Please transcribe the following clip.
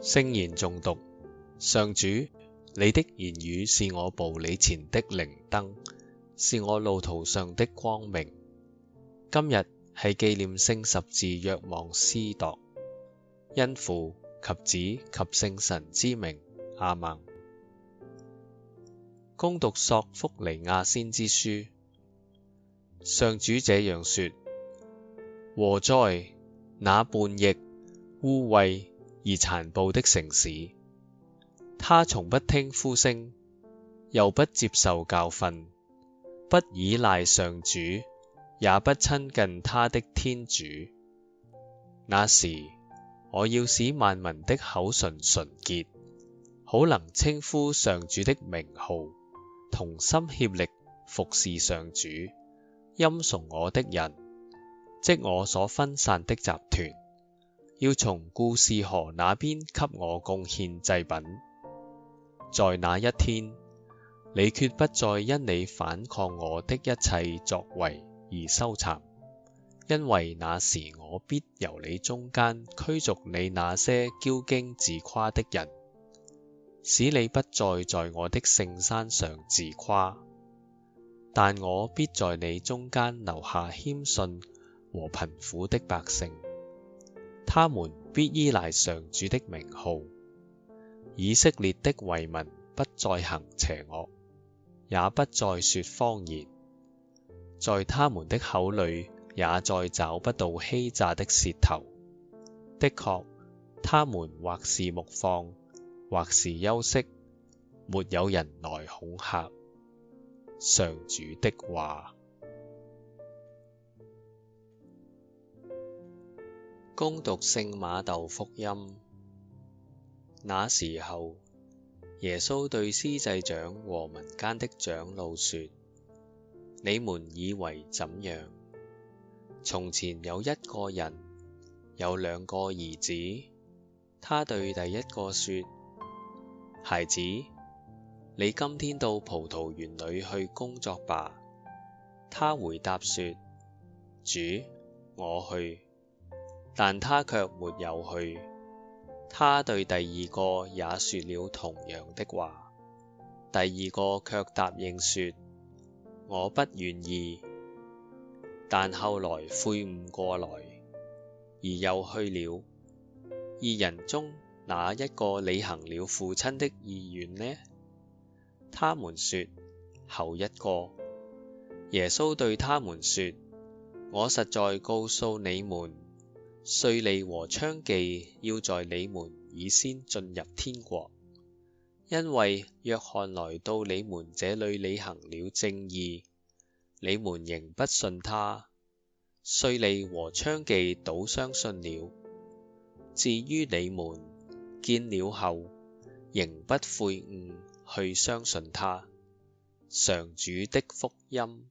聖言誦讀，上主，你的言語是我步履前的靈燈，是我路途上的光明。今日係紀念聖十字若望司鐸，因父及子及聖神之名，阿孟。恭讀索福尼亞先知書，上主這樣說：禍哉！那叛逆、污穢，而殘暴的城市，他從不聽呼聲，又不接受教訓，不倚賴上主，也不親近他的天主。那時，我要使萬民的口唇純潔，好能稱呼上主的名號，同心協力服侍上主，欽崇我的人，即我所分散的集團，要從雇士河那邊給我貢獻祭品。在那一天，你決不再因你反抗我的一切作為而羞慚，因為那時我必由你中間驅逐你那些驕矜自誇的人，使你不再在我的聖山上自誇。但我必在你中間留下謙遜和貧苦的百姓。他們必依賴上主的名號。以色列的遺民不再行邪惡，也不再説謊言，在他們的口裏也再找不到欺詐的舌頭。的確，他們或是牧放，或是休息，沒有人來恐嚇。上主的話。恭讀聖馬竇福音。那時候，耶穌對司祭長和民間的長老說：你們以為怎樣？從前有一個人，有兩個兒子。他對第一個說：孩子，你今天到葡萄園裏去工作吧。他回答說：主，我去。但他卻沒有去。他對第二個也說了同樣的話。第二個卻答應說：我不願意。但後來悔悟過來，而又去了。二人中那一個履行了父親的意願呢？他們說：後一個。耶穌對他們說：我實在告訴你們。稅吏和娼妓要在你們以先進入天國，因為若翰來到你們這裏，履行了正義，你們仍不信他。稅吏和娼妓倒相信了，至於你們見了後，仍不悔悟去相信他。上主的福音。